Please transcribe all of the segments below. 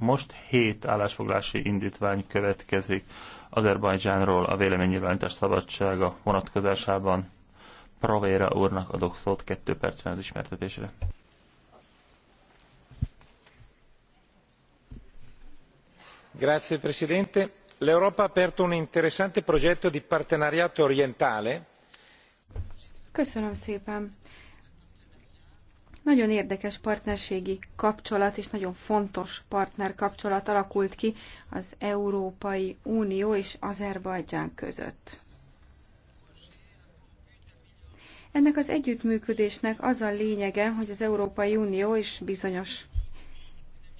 Most hét állásfoglási indítvány következik Azerbajdzsánról a véleménynyilvánítás szabadsága vonatkozásában. Pravéra úrnak adok szót kettő percben az ismertetésre. Grazie Presidente. L'Europa ha aperto un interessante progetto di partenariato orientale. Köszönöm szépen. Nagyon érdekes partnerségi kapcsolat és nagyon fontos partner kapcsolat alakult ki az Európai Unió és Azerbajdzsán között. Ennek az együttműködésnek az a lényege, hogy az Európai Unió és bizonyos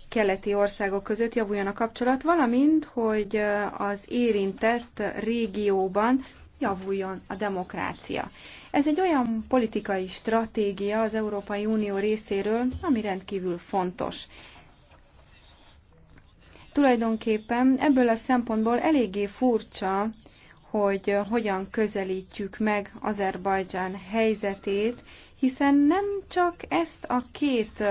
keleti országok között javuljon a kapcsolat, valamint, hogy az érintett régióban javuljon a demokrácia. Ez egy olyan politikai stratégia az Európai Unió részéről, ami rendkívül fontos. Tulajdonképpen ebből a szempontból eléggé furcsa, hogy hogyan közelítjük meg Azerbajdzsán helyzetét, hiszen nem csak ezt a két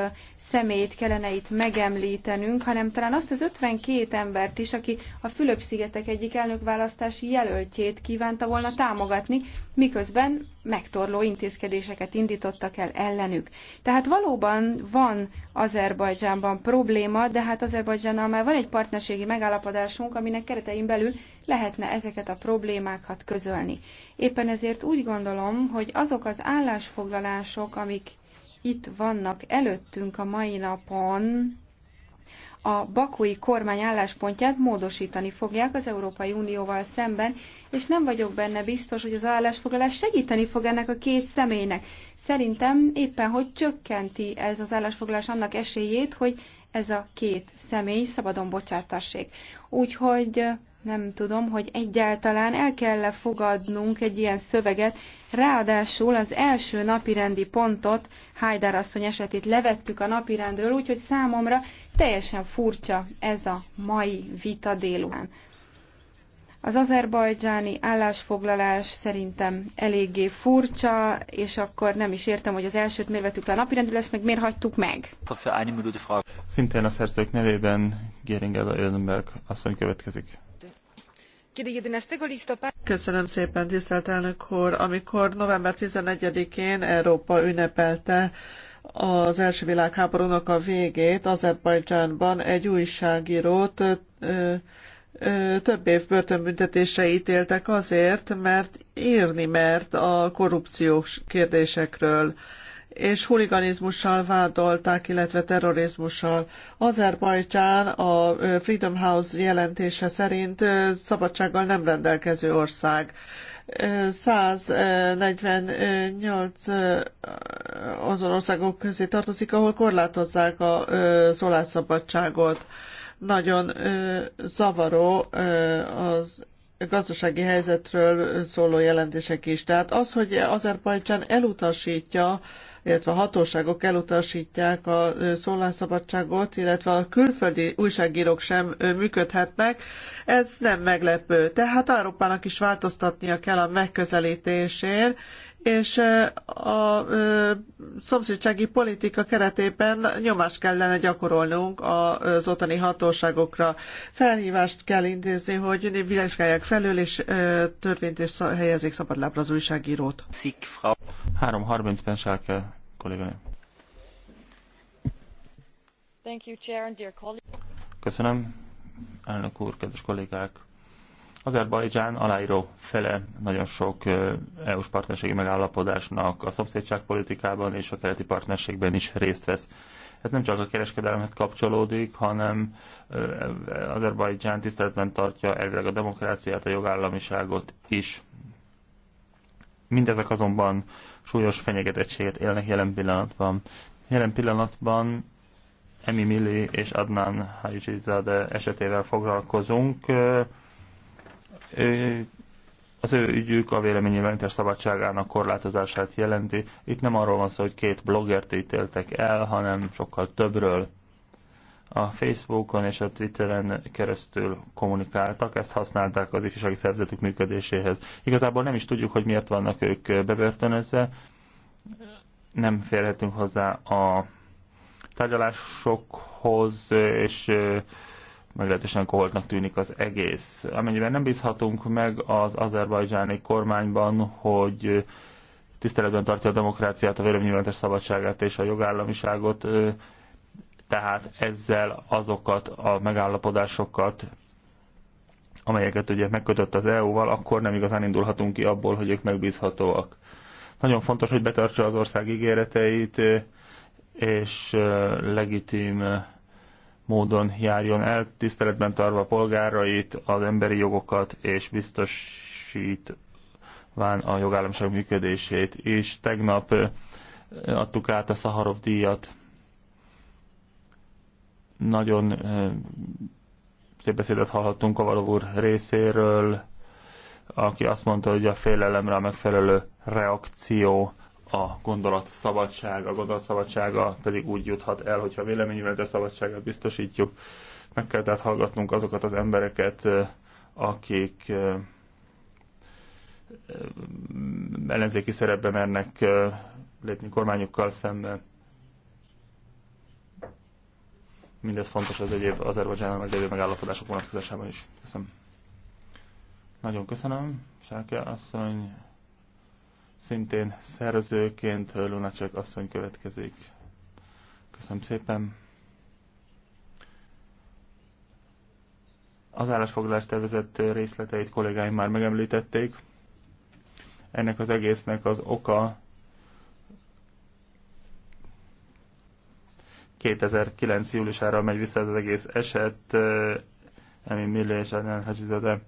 szemét kellene itt megemlítenünk, hanem talán azt az 52 embert is, aki a Fülöp-szigetek egyik elnökválasztási jelöltjét kívánta volna támogatni, miközben megtorló intézkedéseket indítottak el ellenük. Tehát valóban van Azerbajdzsánban probléma, de hát Azerbajdzsánnal már van egy partnerségi megállapodásunk, aminek keretein belül lehetne ezeket a problémákat közölni. Éppen ezért úgy gondolom, hogy azok az állásfoglalások, amik itt vannak előttünk a mai napon, a bakói kormány álláspontját módosítani fogják az Európai Unióval szemben, és nem vagyok benne biztos, hogy az állásfoglalás segíteni fog ennek a két személynek. Szerintem éppen, hogy csökkenti ez az állásfoglalás annak esélyét, hogy ez a két személy szabadon bocsátassék. Úgyhogy nem tudom, hogy egyáltalán el kell -e fogadnunk egy ilyen szöveget. Ráadásul az első napirendi pontot, Hajdár asszony esetét levettük a napirendről, úgyhogy számomra teljesen furcsa ez a mai vita délután. Az azerbajdzsáni állásfoglalás szerintem eléggé furcsa, és akkor nem is értem, hogy az elsőt miért vettük le a napirendről, lesz, meg miért hagytuk meg. Szintén a szerzők nevében Geringer Ölenberg asszony következik. Köszönöm szépen, tisztelt elnök úr! Amikor november 11-én Európa ünnepelte az első világháborúnak a végét, Azerbajdzsánban egy újságírót több év börtönbüntetésre ítéltek azért, mert írni mert a korrupciós kérdésekről és huliganizmussal vádolták, illetve terrorizmussal. Azerbajcsán a Freedom House jelentése szerint szabadsággal nem rendelkező ország. 148 azon országok közé tartozik, ahol korlátozzák a szólásszabadságot. Nagyon zavaró az gazdasági helyzetről szóló jelentések is. Tehát az, hogy Azerbajcsán elutasítja illetve a hatóságok elutasítják a szólásszabadságot, illetve a külföldi újságírók sem működhetnek. Ez nem meglepő. Tehát Európának is változtatnia kell a megközelítésén, és a szomszédsági politika keretében nyomást kellene gyakorolnunk az ottani hatóságokra. Felhívást kell intézni, hogy vizsgálják felül, és törvényt és helyezik szabadlábra az újságírót. 3.30-ben Thank you, Chair, dear Köszönöm, elnök úr, kedves kollégák! Azerbajdzsán aláíró fele nagyon sok EU-s partnerségi megállapodásnak a szomszédságpolitikában és a keleti partnerségben is részt vesz. Ez nem csak a kereskedelemhez kapcsolódik, hanem Azerbajdzsán tiszteletben tartja elvileg a demokráciát, a jogállamiságot is. Mindezek azonban súlyos fenyegetettséget élnek jelen pillanatban. Jelen pillanatban Emi Milli és Adnan Hajizade esetével foglalkozunk. Az ő ügyük a véleménynyilvánítás szabadságának korlátozását jelenti. Itt nem arról van szó, hogy két bloggert ítéltek el, hanem sokkal többről a Facebookon és a Twitteren keresztül kommunikáltak, ezt használták az ifjúsági szervezetük működéséhez. Igazából nem is tudjuk, hogy miért vannak ők bebörtönözve, nem férhetünk hozzá a tárgyalásokhoz, és meglehetősen koholtnak tűnik az egész. Amennyiben nem bízhatunk meg az azerbajdzsáni kormányban, hogy tiszteletben tartja a demokráciát, a véleménynyilvántás szabadságát és a jogállamiságot, tehát ezzel azokat a megállapodásokat, amelyeket ugye megkötött az EU-val, akkor nem igazán indulhatunk ki abból, hogy ők megbízhatóak. Nagyon fontos, hogy betartsa az ország ígéreteit, és legitim módon járjon el, tiszteletben tarva a polgárait, az emberi jogokat, és biztosítván a jogállamiság működését. És tegnap adtuk át a Szaharov díjat nagyon eh, szép beszédet hallhattunk Kovalov úr részéről, aki azt mondta, hogy a félelemre a megfelelő reakció a gondolat szabadsága, a gondolat szabadsága pedig úgy juthat el, hogyha a szabadságát biztosítjuk. Meg kell tehát hallgatnunk azokat az embereket, eh, akik eh, ellenzéki szerepbe mernek lépni kormányukkal szemben. Mindez fontos az egyéb Azerbajdzsánnal meg egyéb megállapodások vonatkozásában is. Köszönöm. Nagyon köszönöm, Sáke asszony. Szintén szerzőként Lunacek asszony következik. Köszönöm szépen. Az állásfoglalás tervezett részleteit kollégáim már megemlítették. Ennek az egésznek az oka 2009. júliusára megy vissza az egész eset, Emi Millé és Adnan Hajizade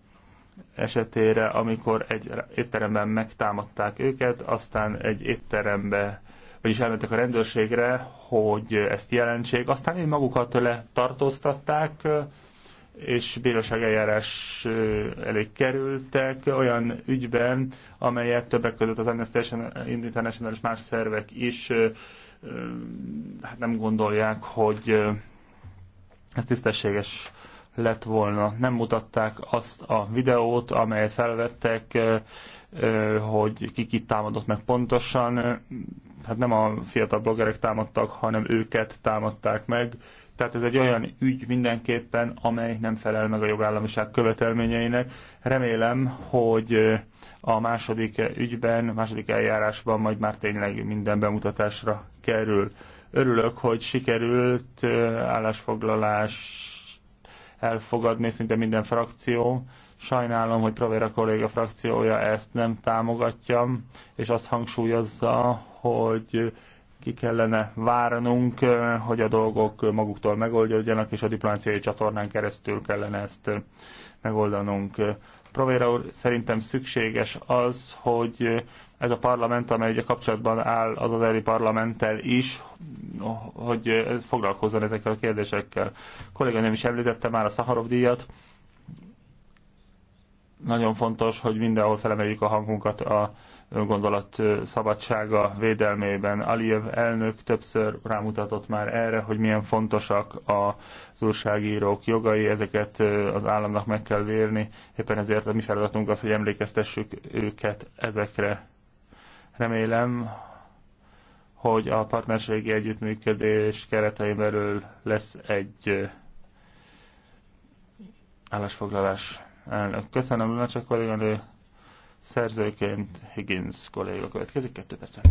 esetére, amikor egy étteremben megtámadták őket, aztán egy étterembe, vagyis elmentek a rendőrségre, hogy ezt jelentsék, aztán én magukat letartóztatták, és bíróság eljárás elé kerültek olyan ügyben, amelyet többek között az Amnesty International és más szervek is hát nem gondolják, hogy ez tisztességes lett volna. Nem mutatták azt a videót, amelyet felvettek, hogy ki kit támadott meg pontosan. Hát nem a fiatal bloggerek támadtak, hanem őket támadták meg, tehát ez egy olyan ügy mindenképpen, amely nem felel meg a jogállamiság követelményeinek. Remélem, hogy a második ügyben, a második eljárásban majd már tényleg minden bemutatásra kerül. Örülök, hogy sikerült állásfoglalás elfogadni szinte minden frakció. Sajnálom, hogy Provera kolléga frakciója ezt nem támogatja, és azt hangsúlyozza, hogy ki kellene várnunk, eh, hogy a dolgok maguktól megoldódjanak, és a diplomáciai csatornán keresztül kellene ezt eh, megoldanunk. Provera úr, szerintem szükséges az, hogy eh, ez a parlament, amely ugye kapcsolatban áll az az eri parlamenttel is, hogy ez foglalkozzon ezekkel a kérdésekkel. A nem is említette már a Szaharov díjat. Nagyon fontos, hogy mindenhol felemeljük a hangunkat a gondolat szabadsága védelmében. Aliyev elnök többször rámutatott már erre, hogy milyen fontosak az újságírók jogai, ezeket az államnak meg kell vérni. Éppen ezért a mi feladatunk az, hogy emlékeztessük őket ezekre. Remélem, hogy a partnerségi együttműködés keretein belül lesz egy állásfoglalás elnök. Köszönöm, Lunacsak kolléganő. Szerzőként Higgins kolléga következik, kettő percen.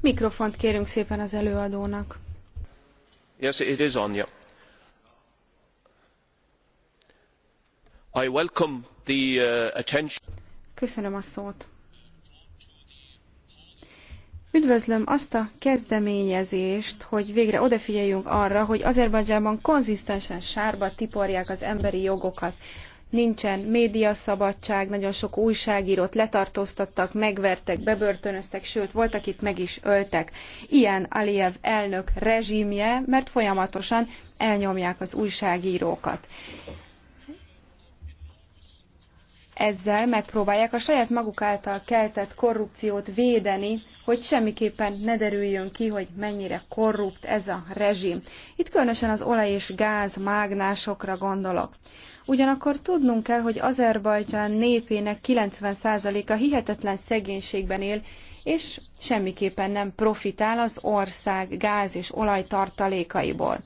Mikrofont kérünk szépen az előadónak. Yes, it is on, yeah. I welcome the uh, attention. Köszönöm a szót. Üdvözlöm azt a kezdeményezést, hogy végre odafigyeljünk arra, hogy Azerbajdzsánban konzisztensen sárba tiporják az emberi jogokat. Nincsen médiaszabadság, nagyon sok újságírót letartóztattak, megvertek, bebörtönöztek, sőt, voltak itt meg is öltek. Ilyen Aliyev elnök rezsimje, mert folyamatosan elnyomják az újságírókat ezzel megpróbálják a saját maguk által keltett korrupciót védeni hogy semmiképpen ne derüljön ki, hogy mennyire korrupt ez a rezsim. Itt különösen az olaj és gáz mágnásokra gondolok. Ugyanakkor tudnunk kell, hogy Azerbajdzsán népének 90%-a hihetetlen szegénységben él, és semmiképpen nem profitál az ország gáz és olajtartalékaiból.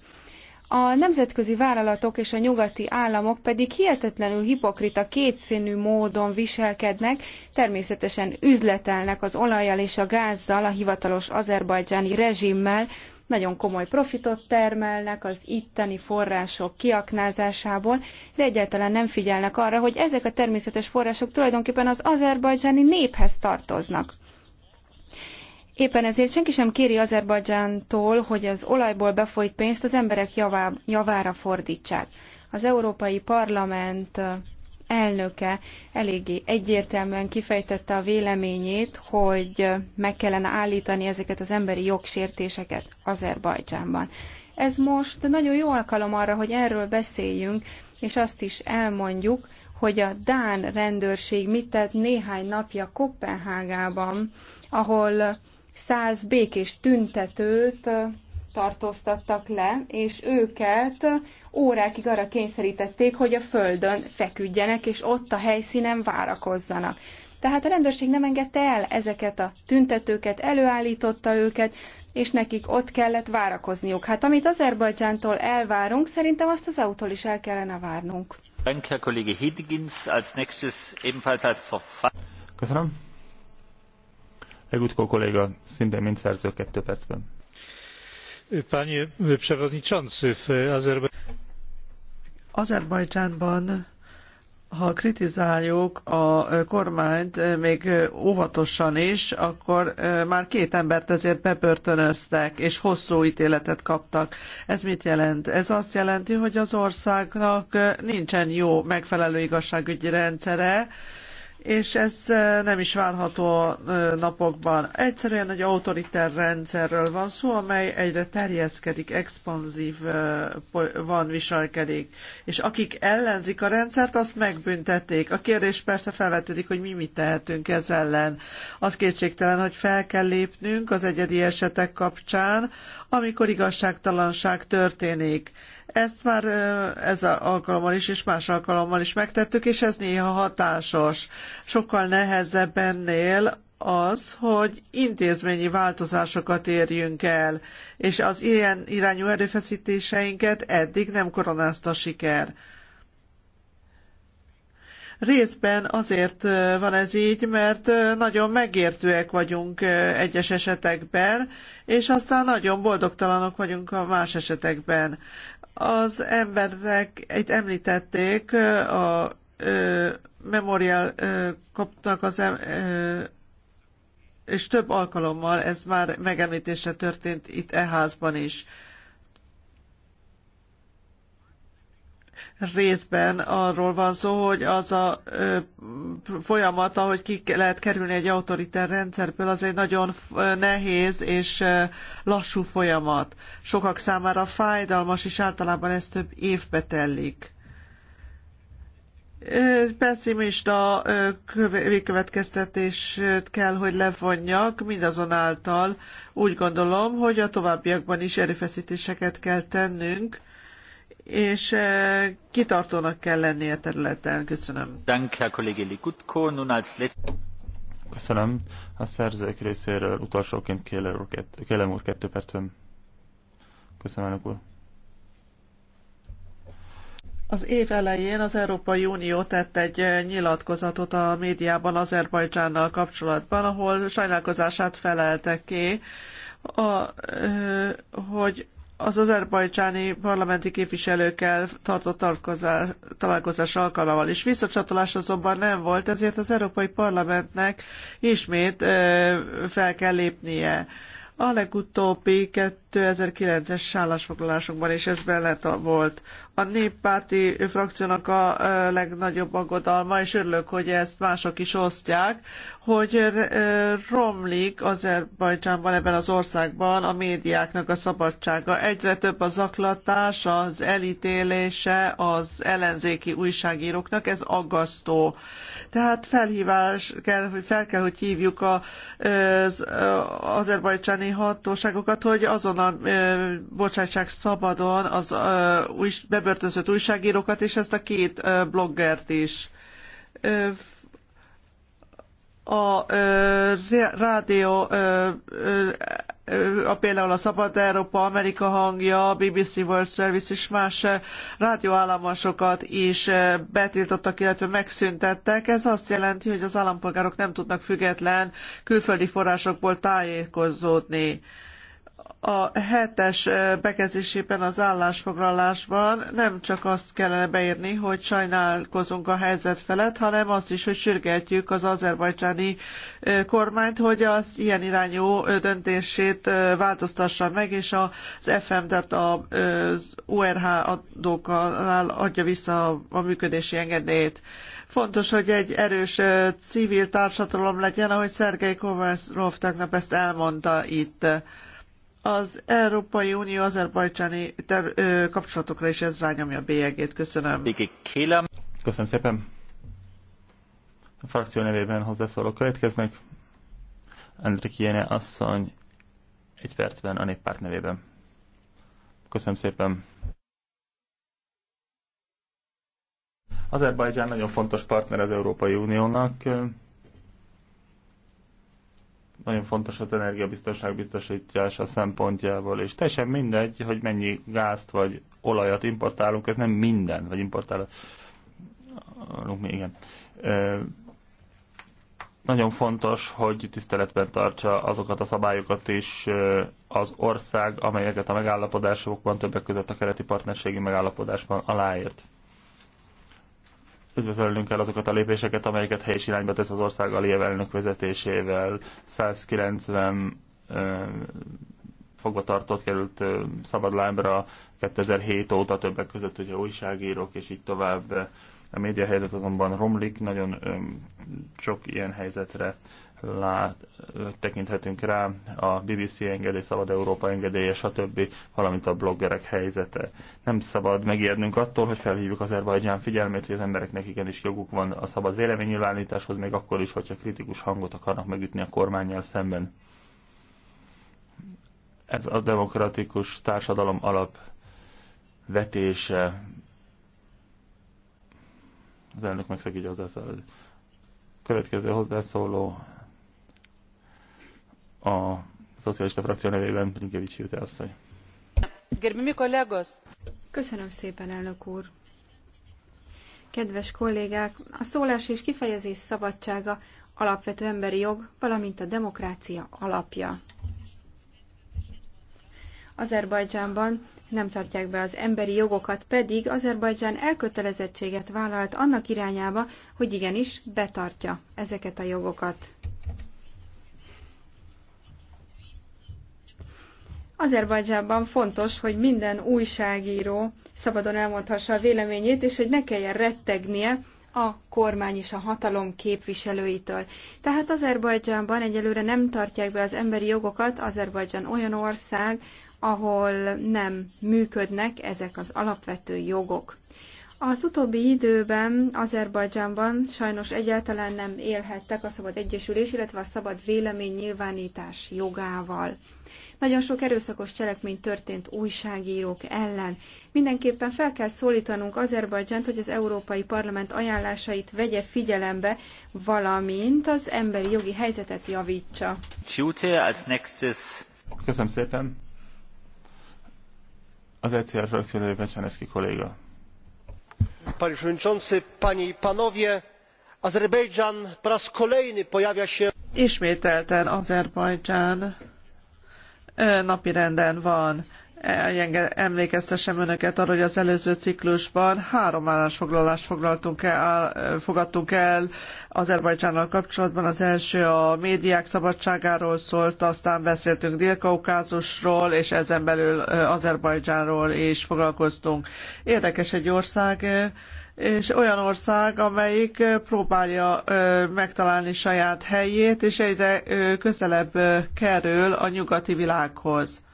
A nemzetközi vállalatok és a nyugati államok pedig hihetetlenül hipokrita, kétszínű módon viselkednek, természetesen üzletelnek az olajjal és a gázzal, a hivatalos azerbajdzsáni rezsimmel, nagyon komoly profitot termelnek az itteni források kiaknázásából, de egyáltalán nem figyelnek arra, hogy ezek a természetes források tulajdonképpen az azerbajdzsáni néphez tartoznak. Éppen ezért senki sem kéri Azerbajdzsántól, hogy az olajból befolyt pénzt az emberek javá, javára fordítsák. Az Európai Parlament elnöke eléggé egyértelműen kifejtette a véleményét, hogy meg kellene állítani ezeket az emberi jogsértéseket Azerbajdzsánban. Ez most nagyon jó alkalom arra, hogy erről beszéljünk, és azt is elmondjuk, hogy a Dán rendőrség mit tett néhány napja Kopenhágában, ahol száz békés tüntetőt tartóztattak le, és őket órákig arra kényszerítették, hogy a földön feküdjenek, és ott a helyszínen várakozzanak. Tehát a rendőrség nem engedte el ezeket a tüntetőket, előállította őket, és nekik ott kellett várakozniuk. Hát amit Azerbajdzsántól elvárunk, szerintem azt az autól is el kellene várnunk. Köszönöm. Legutko kolega, szinte mind szerző, kettő percben. Panie przewodniczący, w Azerbajdzsánban ha kritizáljuk a kormányt még óvatosan is, akkor e, már két embert ezért bebörtönöztek, és hosszú ítéletet kaptak. Ez mit jelent? Ez azt jelenti, hogy az országnak nincsen jó megfelelő igazságügyi rendszere, és ez nem is várható napokban. Egyszerűen egy autoriter rendszerről van szó, amely egyre terjeszkedik, expanzív van viselkedik. És akik ellenzik a rendszert, azt megbüntették. A kérdés persze felvetődik, hogy mi mit tehetünk ez ellen. Az kétségtelen, hogy fel kell lépnünk az egyedi esetek kapcsán, amikor igazságtalanság történik ezt már ez alkalommal is, és más alkalommal is megtettük, és ez néha hatásos. Sokkal nehezebb ennél az, hogy intézményi változásokat érjünk el, és az ilyen irányú erőfeszítéseinket eddig nem koronázta siker. Részben azért van ez így, mert nagyon megértőek vagyunk egyes esetekben, és aztán nagyon boldogtalanok vagyunk a más esetekben. Az emberek, itt említették, a ö, Memorial ö, kaptak az em, ö, és több alkalommal ez már megemlítése történt itt e házban is. részben arról van szó, hogy az a ö, folyamat, ahogy ki lehet kerülni egy autoriter rendszerből, az egy nagyon nehéz és ö, lassú folyamat. Sokak számára fájdalmas, és általában ez több évbe tellik. Pessimista következtetést kell, hogy levonjak, mindazonáltal úgy gondolom, hogy a továbbiakban is erőfeszítéseket kell tennünk, és eh, kitartónak kell lennie a területen. Köszönöm. herr Kollege als Köszönöm. A szerzők részéről utolsóként Kélem úr kettő percben. Köszönöm, elnök úr. Az év elején az Európai Unió tett egy eh, nyilatkozatot a médiában Azerbajdzsánnal kapcsolatban, ahol sajnálkozását felelte ki, a, eh, hogy az azerbajdzsáni parlamenti képviselőkkel tartott találkozás alkalmával is. Visszacsatolás azonban nem volt, ezért az Európai Parlamentnek ismét fel kell lépnie. A legutóbbi 2009-es állásfoglalásunkban is ez benne volt a néppárti frakciónak a legnagyobb aggodalma, és örülök, hogy ezt mások is osztják, hogy romlik Azerbajdzsánban, ebben az országban a médiáknak a szabadsága. Egyre több a zaklatás, az elítélése az ellenzéki újságíróknak, ez aggasztó. Tehát felhívás kell, hogy fel kell, hogy hívjuk az azerbajdzsáni hatóságokat, hogy azonnal bocsássák szabadon az új, bebörtönzött újságírókat, és ezt a két bloggert is. A rádió, a például a Szabad Európa, Amerika hangja, BBC World Service és más rádióállomásokat is betiltottak, illetve megszüntettek. Ez azt jelenti, hogy az állampolgárok nem tudnak független külföldi forrásokból tájékozódni a hetes bekezdésében az állásfoglalásban nem csak azt kellene beírni, hogy sajnálkozunk a helyzet felett, hanem azt is, hogy sürgetjük az azerbajcsáni kormányt, hogy az ilyen irányú döntését változtassa meg, és az FM, tehát az URH adóknál adja vissza a működési engedélyt. Fontos, hogy egy erős civil társadalom legyen, ahogy Szergei Kovácsov tegnap ezt elmondta itt az Európai Unió azerbajcsáni ter- ö, kapcsolatokra is ez rányomja a bélyegét. Köszönöm. Köszönöm szépen. A frakció nevében hozzászóló következnek. Andrik Jene asszony egy percben a néppárt nevében. Köszönöm szépen. Azerbajdzsán nagyon fontos partner az Európai Uniónak nagyon fontos az energiabiztonság biztosítása szempontjából, és teljesen mindegy, hogy mennyi gázt vagy olajat importálunk, ez nem minden, vagy importálunk, igen. E, nagyon fontos, hogy tiszteletben tartsa azokat a szabályokat is az ország, amelyeket a megállapodásokban, többek között a keleti partnerségi megállapodásban aláírt. Üdvözölnünk kell azokat a lépéseket, amelyeket helyes irányba tesz az ország a elnök vezetésével. 190 fogvatartott került szabadlábra 2007 óta többek között, hogy újságírók és így tovább a média helyzet azonban romlik, nagyon sok ilyen helyzetre lát, tekinthetünk rá, a BBC engedély, Szabad Európa engedélye, stb., valamint a bloggerek helyzete. Nem szabad megijednünk attól, hogy felhívjuk az Erbajdzsán figyelmét, hogy az embereknek igenis joguk van a szabad véleménynyilvánításhoz, még akkor is, hogyha kritikus hangot akarnak megütni a kormányjal szemben. Ez a demokratikus társadalom alap vetése, az elnök az hozzászólót. Következő hozzászóló a szocialista frakció nevében Brinkevics Jute asszony. Köszönöm szépen, elnök úr! Kedves kollégák, a szólás és kifejezés szabadsága alapvető emberi jog, valamint a demokrácia alapja. Azerbajdzsánban nem tartják be az emberi jogokat, pedig Azerbajdzsán elkötelezettséget vállalt annak irányába, hogy igenis betartja ezeket a jogokat. Azerbajdzsában fontos, hogy minden újságíró szabadon elmondhassa a véleményét, és hogy ne kelljen rettegnie a kormány és a hatalom képviselőitől. Tehát Azerbajdzsánban egyelőre nem tartják be az emberi jogokat, Azerbajdzsán olyan ország, ahol nem működnek ezek az alapvető jogok. Az utóbbi időben Azerbajdzsánban sajnos egyáltalán nem élhettek a szabad egyesülés, illetve a szabad vélemény nyilvánítás jogával. Nagyon sok erőszakos cselekmény történt újságírók ellen. Mindenképpen fel kell szólítanunk Azerbajdzsánt, hogy az Európai Parlament ajánlásait vegye figyelembe, valamint az emberi jogi helyzetet javítsa. Köszönöm szépen. Az ECR frakció nevében Cseneszki kolléga. Panie Przewodniczący, Panie i Panowie, Azerbejdżan po raz kolejny pojawia się... Ismételten Azerbajdzsán e, napirenden van emlékeztessem önöket arra, hogy az előző ciklusban három állásfoglalást foglaltunk el, fogadtunk el Azerbajdzsánnal kapcsolatban. Az első a médiák szabadságáról szólt, aztán beszéltünk Dél-Kaukázusról, és ezen belül Azerbajdzsánról is foglalkoztunk. Érdekes egy ország, és olyan ország, amelyik próbálja megtalálni saját helyét, és egyre közelebb kerül a nyugati világhoz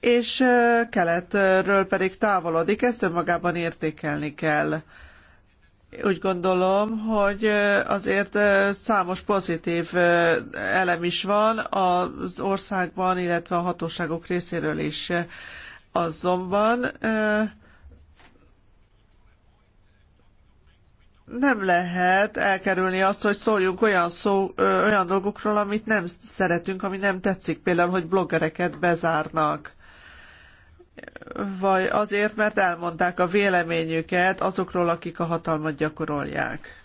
és keletről pedig távolodik, ezt önmagában értékelni kell. Úgy gondolom, hogy azért számos pozitív elem is van az országban, illetve a hatóságok részéről is. Azonban nem lehet elkerülni azt, hogy szóljunk olyan, szó, olyan dolgokról, amit nem szeretünk, ami nem tetszik. Például, hogy bloggereket bezárnak vagy azért, mert elmondták a véleményüket azokról, akik a hatalmat gyakorolják.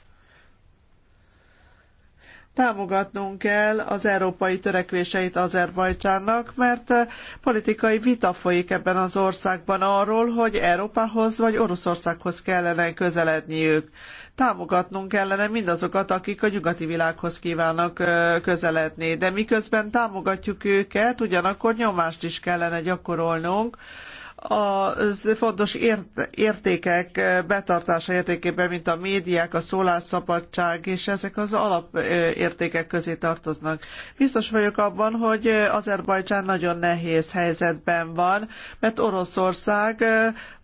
Támogatnunk kell az európai törekvéseit Azerbajdzsánnak, mert politikai vita folyik ebben az országban arról, hogy Európához vagy Oroszországhoz kellene közeledniük támogatnunk kellene mindazokat, akik a nyugati világhoz kívánnak közeledni. De miközben támogatjuk őket, ugyanakkor nyomást is kellene gyakorolnunk, az fontos értékek betartása értékében, mint a médiák, a szólásszabadság, és ezek az alapértékek közé tartoznak. Biztos vagyok abban, hogy Azerbajdzsán nagyon nehéz helyzetben van, mert Oroszország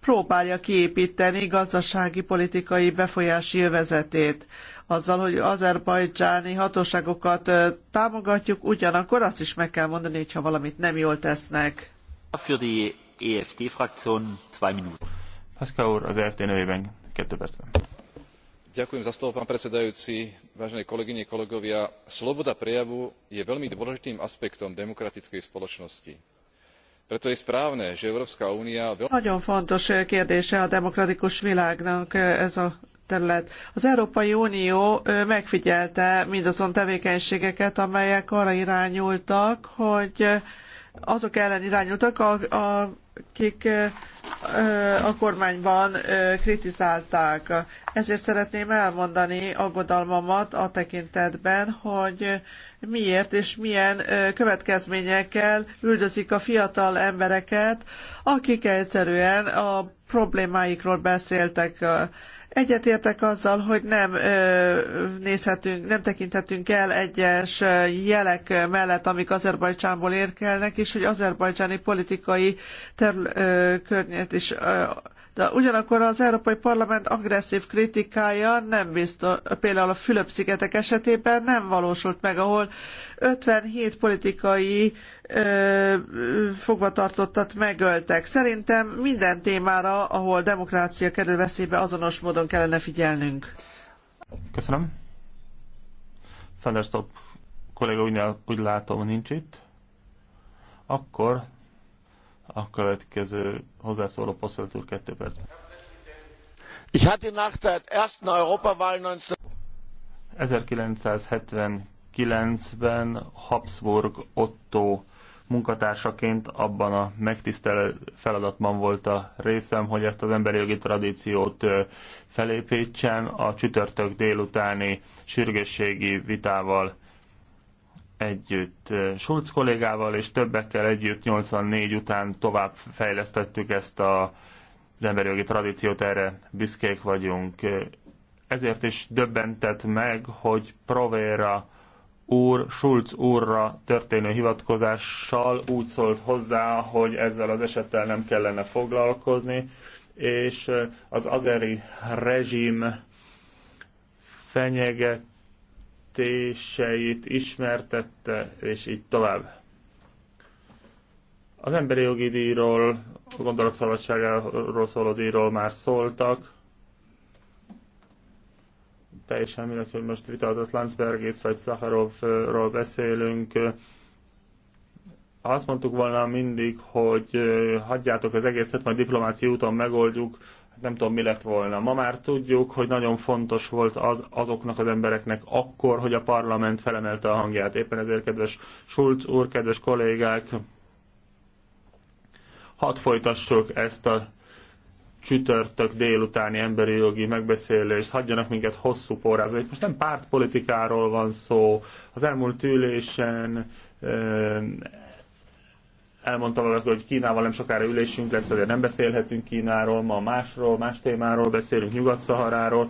próbálja kiépíteni gazdasági, politikai befolyási övezetét azzal, hogy azerbajdzsáni hatóságokat támogatjuk, ugyanakkor azt is meg kell mondani, hogy ha valamit nem jól tesznek. EFD 2 úr, az RT e nevében 2 percben. Ďakujem za slovo, pán predsedajúci. Vážené kolegyne, kolegovia, sloboda prejavu je veľmi dôležitým aspektom demokratickej spoločnosti. Preto je správne, že Európska únia... Nagyon fontos kérdése a demokratikus világnak ez a terület. Az Európai Unió megfigyelte mindazon tevékenységeket, amelyek arra irányultak, hogy azok ellen irányultak, a, a akik a kormányban kritizálták. Ezért szeretném elmondani aggodalmamat a tekintetben, hogy miért és milyen következményekkel üldözik a fiatal embereket, akik egyszerűen a problémáikról beszéltek Egyetértek azzal, hogy nem nézhetünk, nem tekinthetünk el egyes jelek mellett, amik Azerbajcsánból érkelnek, és hogy azerbajcsáni politikai terül, környet is de ugyanakkor az Európai Parlament agresszív kritikája nem biztos, például a Fülöp-szigetek esetében nem valósult meg, ahol 57 politikai fogvatartottat megöltek. Szerintem minden témára, ahol demokrácia kerül veszélybe, azonos módon kellene figyelnünk. Köszönöm. Fenderstop kolléga úgy, úgy látom nincs itt. Akkor a következő hozzászóló posztoltúr kettő percben. Ich hatte nach der ersten Europawahl 1979-ben Habsburg Otto munkatársaként abban a megtisztelő feladatban volt a részem, hogy ezt az emberi jogi tradíciót felépítsem a csütörtök délutáni sürgősségi vitával együtt Schulz kollégával és többekkel együtt 84 után tovább fejlesztettük ezt a, az emberi jogi tradíciót, erre büszkék vagyunk. Ezért is döbbentett meg, hogy Provera úr Schulz úrra történő hivatkozással úgy szólt hozzá, hogy ezzel az esettel nem kellene foglalkozni, és az azeri rezsim fenyegetéseit ismertette, és így tovább. Az emberi jogi díjról, a gondolatszabadságáról szóló díjról már szóltak, teljesen mindegy, hogy most vitatott Landsbergész vagy Szaharovról beszélünk, azt mondtuk volna mindig, hogy hagyjátok az egészet, majd diplomáci úton megoldjuk, hát nem tudom, mi lett volna. Ma már tudjuk, hogy nagyon fontos volt az, azoknak az embereknek akkor, hogy a parlament felemelte a hangját. Éppen ezért, kedves Schulz úr, kedves kollégák, hadd folytassuk ezt a csütörtök délutáni emberi jogi megbeszélést, hagyjanak minket hosszú porrázó. most nem pártpolitikáról van szó. Az elmúlt ülésen eh, elmondta valaki, hogy Kínával nem sokára ülésünk lesz, azért nem beszélhetünk Kínáról, ma másról, más témáról beszélünk, Nyugat-Szaharáról.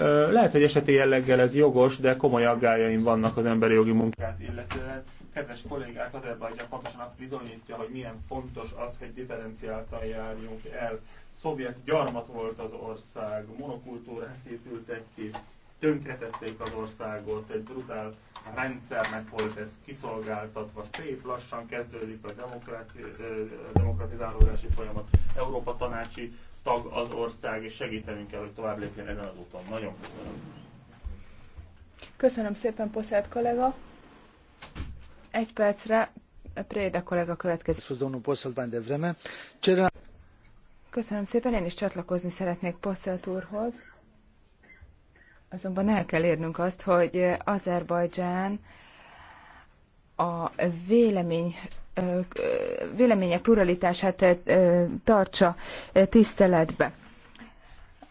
Eh, lehet, hogy eseti jelleggel ez jogos, de komoly aggájaim vannak az emberi jogi munkát illetően. Kedves kollégák, Azerbajdzsán pontosan azt bizonyítja, hogy milyen fontos az, hogy differenciáltan járjunk el szovjet gyarmat volt az ország, monokultúrát épültek ki, tönkretették az országot, egy brutál rendszernek volt ez kiszolgáltatva, szép lassan kezdődik a demokratizálódási folyamat, Európa tanácsi tag az ország, és segítenünk kell, hogy tovább lépjen ezen az úton. Nagyon köszönöm. Köszönöm szépen, Poszát kollega. Egy percre Préda kollega következik. Domnul Poszalt de vreme. Köszönöm szépen, én is csatlakozni szeretnék Posselt úrhoz. Azonban el kell érnünk azt, hogy Azerbajdzsán a vélemény vélemények pluralitását tartsa tiszteletbe.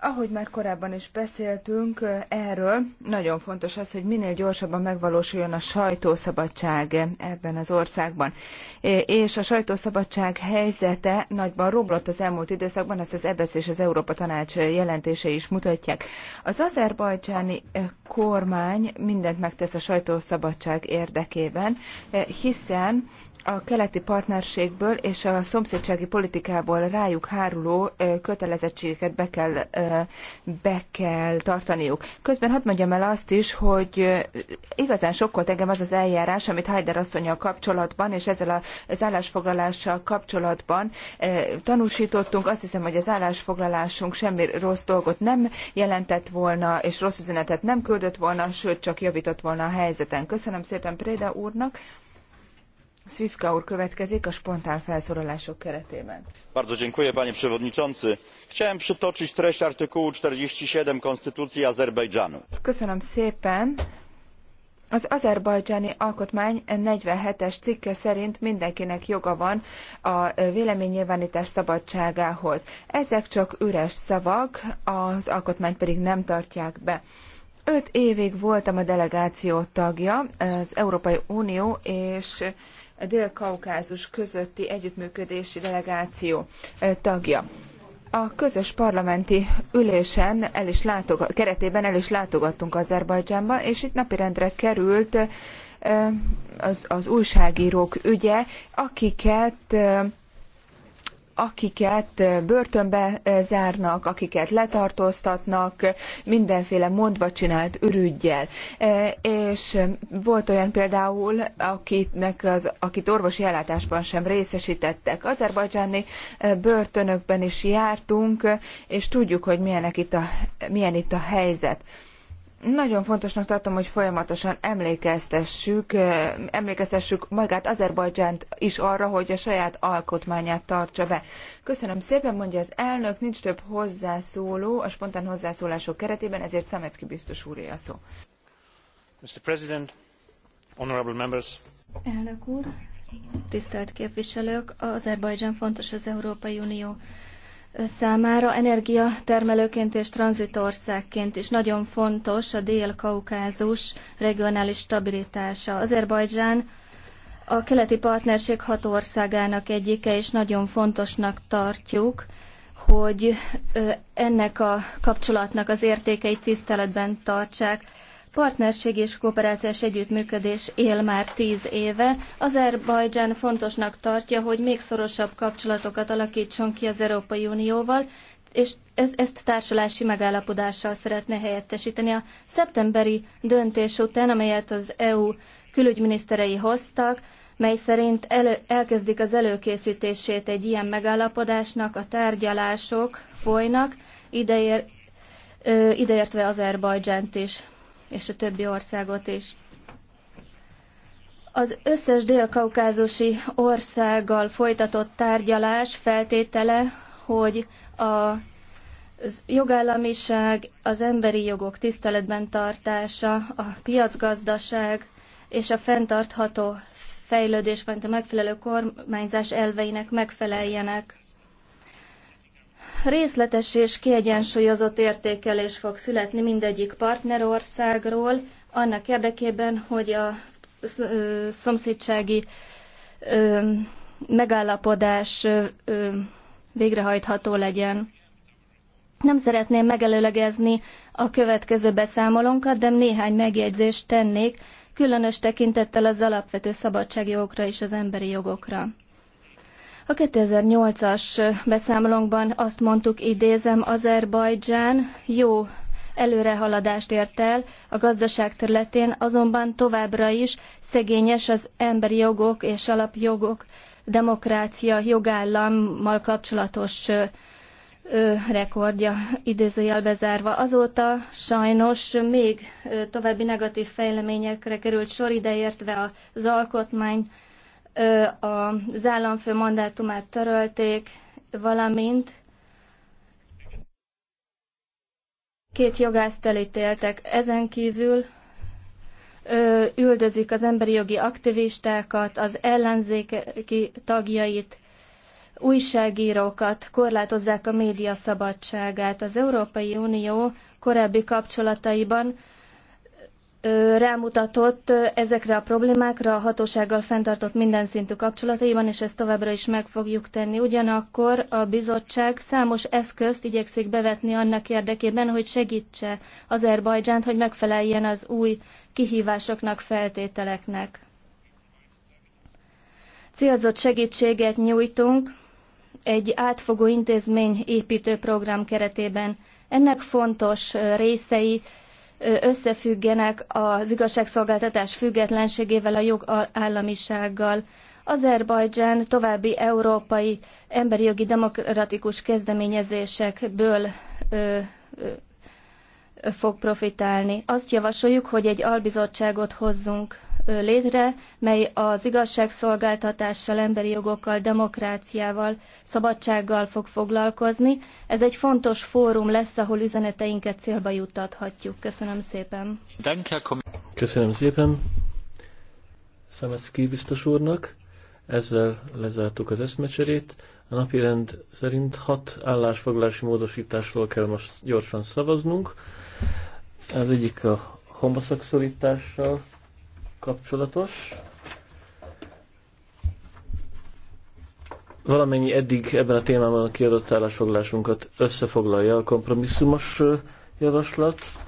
Ahogy már korábban is beszéltünk erről, nagyon fontos az, hogy minél gyorsabban megvalósuljon a sajtószabadság ebben az országban. És a sajtószabadság helyzete nagyban romlott az elmúlt időszakban, ezt az EBSZ e és az Európa Tanács jelentése is mutatják. Az azerbajcsáni kormány mindent megtesz a sajtószabadság érdekében, hiszen a keleti partnerségből és a szomszédsági politikából rájuk háruló kötelezettségeket be kell, be kell tartaniuk. Közben hadd mondjam el azt is, hogy igazán sokkolt engem az az eljárás, amit Haider asszonyjal kapcsolatban és ezzel az állásfoglalással kapcsolatban tanúsítottunk. Azt hiszem, hogy az állásfoglalásunk semmi rossz dolgot nem jelentett volna, és rossz üzenetet nem küldött volna, sőt, csak javított volna a helyzeten. Köszönöm szépen Préda úrnak. Swifka úr következik a spontán felszólalások keretében. Bardzo dziękuję, panie przewodniczący. Chciałem przytoczyć treść artykułu 47 Konstytucji Azerbejdżanu. Köszönöm szépen. Az azerbajdzsáni alkotmány 47-es cikke szerint mindenkinek joga van a véleménynyilvánítás szabadságához. Ezek csak üres szavak, az alkotmány pedig nem tartják be. Öt évig voltam a delegáció tagja, az Európai Unió és Dél-Kaukázus közötti együttműködési delegáció eh, tagja. A közös parlamenti ülésen el is látogat, keretében el is látogattunk Azerbajdzsánba, és itt napirendre került eh, az, az újságírók ügye, akiket eh, akiket börtönbe zárnak, akiket letartóztatnak, mindenféle mondva csinált ürügyjel. És volt olyan például, akinek az, akit orvosi ellátásban sem részesítettek. Azerbajdzsáni börtönökben is jártunk, és tudjuk, hogy itt a, milyen itt a helyzet. Nagyon fontosnak tartom, hogy folyamatosan emlékeztessük, emlékeztessük magát Azerbajdzsánt is arra, hogy a saját alkotmányát tartsa be. Köszönöm szépen, mondja az elnök, nincs több hozzászóló a spontán hozzászólások keretében, ezért Szemecki biztos úré a szó. Mr. President, honorable members. Elnök úr, tisztelt képviselők, Azerbajdzsán fontos az Európai Unió számára energiatermelőként és tranzitországként is nagyon fontos a Dél-Kaukázus regionális stabilitása. Azerbajdzsán a keleti partnerség hat országának egyike, és nagyon fontosnak tartjuk, hogy ennek a kapcsolatnak az értékeit tiszteletben tartsák, partnerség és kooperációs együttműködés él már tíz éve. Azerbajdzsán fontosnak tartja, hogy még szorosabb kapcsolatokat alakítson ki az Európai Unióval, és ezt társulási megállapodással szeretne helyettesíteni. A szeptemberi döntés után, amelyet az EU külügyminiszterei hoztak, mely szerint elő, elkezdik az előkészítését egy ilyen megállapodásnak, a tárgyalások folynak, ideér, ö, ideértve Azerbajdzsánt is és a többi országot is. Az összes dél-kaukázusi országgal folytatott tárgyalás feltétele, hogy a az jogállamiság, az emberi jogok tiszteletben tartása, a piacgazdaság és a fenntartható fejlődés, mint a megfelelő kormányzás elveinek megfeleljenek részletes és kiegyensúlyozott értékelés fog születni mindegyik partnerországról, annak érdekében, hogy a szomszédsági megállapodás végrehajtható legyen. Nem szeretném megelőlegezni a következő beszámolónkat, de néhány megjegyzést tennék, különös tekintettel az alapvető szabadságjogokra és az emberi jogokra. A 2008-as beszámolónkban azt mondtuk, idézem, Azerbajdzsán jó előrehaladást ért el a gazdaság területén, azonban továbbra is szegényes az emberi jogok és alapjogok, demokrácia, jogállammal kapcsolatos ö, rekordja idézőjel bezárva. Azóta sajnos még további negatív fejleményekre került sor ideértve az alkotmány az államfő mandátumát törölték, valamint két jogászt elítéltek. Ezen kívül üldözik az emberi jogi aktivistákat, az ellenzéki tagjait, újságírókat, korlátozzák a média szabadságát. Az Európai Unió korábbi kapcsolataiban rámutatott ezekre a problémákra a hatósággal fenntartott minden szintű kapcsolataiban, és ezt továbbra is meg fogjuk tenni. Ugyanakkor a bizottság számos eszközt igyekszik bevetni annak érdekében, hogy segítse Azerbajdzsánt, hogy megfeleljen az új kihívásoknak, feltételeknek. Célzott segítséget nyújtunk egy átfogó intézmény építő program keretében. Ennek fontos részei összefüggenek az igazságszolgáltatás függetlenségével, a jogállamisággal. Azerbajdzsán további európai emberi jogi demokratikus kezdeményezésekből ö, ö, fog profitálni. Azt javasoljuk, hogy egy albizottságot hozzunk létre, mely az igazságszolgáltatással, emberi jogokkal, demokráciával, szabadsággal fog foglalkozni. Ez egy fontos fórum lesz, ahol üzeneteinket célba juttathatjuk. Köszönöm szépen. Köszönöm szépen Szemeszki biztos úrnak. Ezzel lezártuk az eszmecserét. A napirend szerint hat állásfoglalási módosításról kell most gyorsan szavaznunk. Az egyik a homoszexualitással kapcsolatos. Valamennyi eddig ebben a témában a kiadott állásfoglalásunkat összefoglalja a kompromisszumos javaslat.